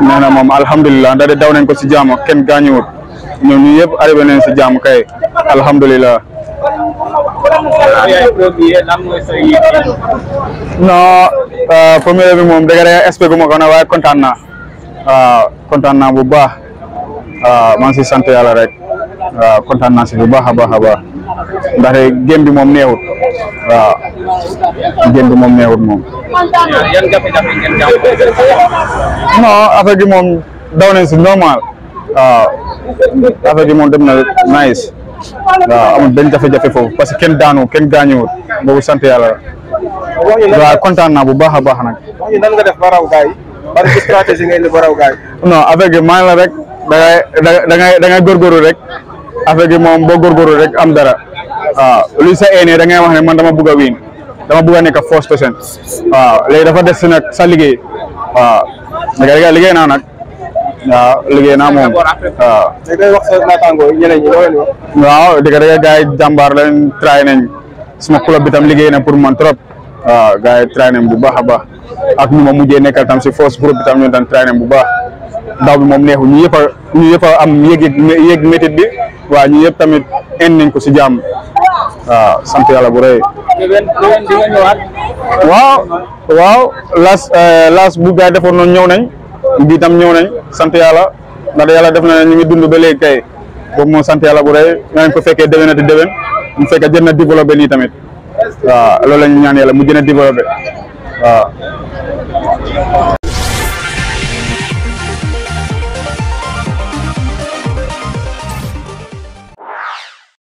nee moom alhamdulilah ndax de daw nañ ko si jàmm kenn gaañuwut ñoom ñu yëpp si jàmm kay alhamdulilah. non euh, première bi moom dëgg la expect gu ma na waaye kontaan naa bu baax waaw si sant yàlla rek. waa kontaan naa si bu baax a baax a baax ndaxte gém bi moom neexut waaw gém bi moom neexut moom. yan jafe affaire gi moom daw nañ si normal moom dem na nice waaw amul benn jafe-jafe foofu parce que kenn daanu kenn gaañuwut boobu sant yàlla waaw kontaan naa bu baax a baax nag. wax nan nga ba la rek da ngay rek. affaire gi moom boo góorgóorlu rek am dara waaw luy sa eenee da ngay wax ne man dama bugg a wiin dama bugg a nekk force person waaw léegi dafa des nag sa liggéey waaw léegi liggéey naa nag waaw liggéey naa moom waaw. léegi wax sa naataango ñeneen ñi loo leen wax. waaw dëgg la gars yi jàmbaar lañ try nañ suma club bi tam liggéey na pour man trop waaw gars yi try nañ bu baax a baax ak ñu ma mujjee nekkal tam si force groupe bi tam tam try nañ bu baax daaw bi moom neexu ñu yëpp ñu yëpp am yéeg yéeg métit bi waa ñu yëpp tamit en nañ ko si jàmm waaw sant yàlla bu rëy waaw laas euh, laas bu gaay defoon noonu ñëw nañ bi tam ñëw nañ sant yàlla ndax yàlla def na ñu ngi dund ba léegi kay boobu moom sant yàlla bu rëy nañ ko fekkee déwénati déwén mu fekk jën na développé nii tamit waaw loolu la ñu ñaan yàlla mu jën a développé waaw